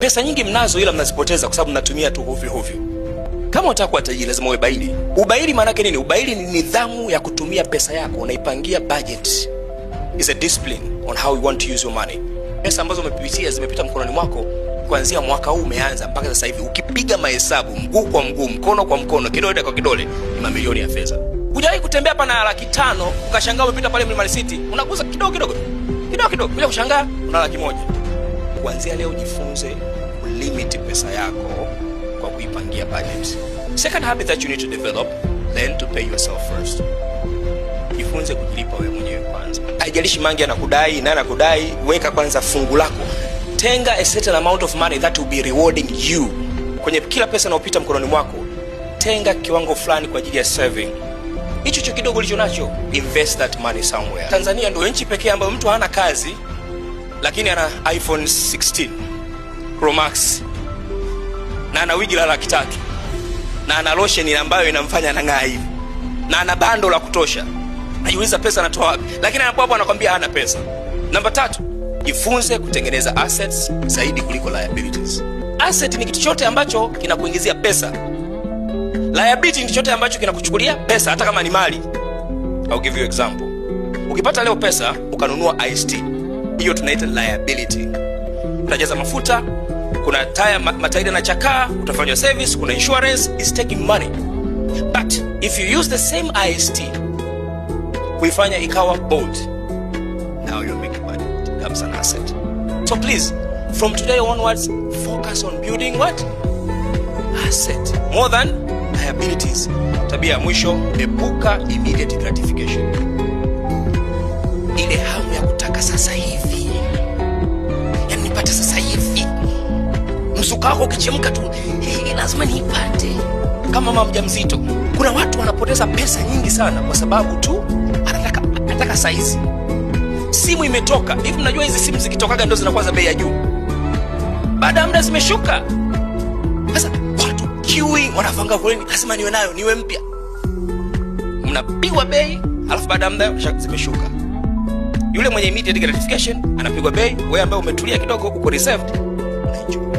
Pesa nyingi mnazo, ila mnazipoteza kwa sababu mnatumia tu hovyo hovyo. Kama unataka kuwa tajiri, lazima uwe baili. Ubaili maana yake nini? Ubaili ni nidhamu ya kutumia pesa yako, unaipangia budget. Is a discipline on how you want to use your money. Pesa ambazo umepitia zimepita mkononi mwako kuanzia mwaka huu umeanza mpaka sasa hivi, ukipiga mahesabu mguu kwa mguu, mkono kwa mkono, kidole kwa kidole, ni mamilioni ya fedha. Hujawahi kutembea pana na laki tano ukashangaa umepita pale Mlimani City, unaguza kidogo kidogo kidogo kidogo, kuja kushangaa una laki moja kuanzia leo jifunze kulimit pesa yako kwa kuipangia budget. Second habit that you need to develop, learn to pay yourself first. Jifunze kujilipa wewe mwenyewe kwanza. Haijalishi mangi anakudai nani anakudai, weka kwanza fungu lako. Tenga a certain amount of money that will be rewarding you. Kwenye kila pesa inayopita mkononi mwako, tenga kiwango fulani kwa ajili ya saving. Hicho cho kidogo ulicho nacho, invest that money somewhere. Tanzania ndio nchi pekee ambayo mtu hana kazi lakini ana iPhone 16 Pro Max na ana wigi la laki tatu na ana lotion ambayo inamfanya anang'aa hivi na ana bando la kutosha. Najiuliza pesa anatoa wapi? Lakini anapo hapo anakwambia hana pesa. Namba tatu, jifunze kutengeneza assets zaidi kuliko liabilities. Asset ni kitu chote ambacho kinakuingizia pesa. Liability ni kitu chote ambacho kinakuchukulia pesa hata kama ni mali. I'll give you example. Ukipata leo pesa ukanunua iced tea hiyo tunaita liability. Unajaza mafuta, kuna taya matairi yanachakaa, utafanywa service, kuna insurance, is taking money. But if you use the same IST kuifanya ikawa bold now you make money, it becomes an asset. So please from today onwards focus on building what asset more than liabilities. Tabia ya mwisho, epuka immediate gratification. Mtoka wako ukichemka tu hii lazima niipate. Kama mama mjamzito, kuna watu wanapoteza pesa nyingi sana kwa sababu tu anataka anataka saizi. Simu imetoka hivi, mnajua hizi simu zikitokaga ndio zinakuwa za bei ya juu, baada ya muda zimeshuka. Sasa watu kiwi wanafanga kuleni lazima niwe nayo, niwe mpya. Mnapigwa bei, alafu baada ya muda zimeshuka. Yule mwenye immediate gratification anapigwa bei, wewe ambaye umetulia kidogo, uko reserved, unaenjoy.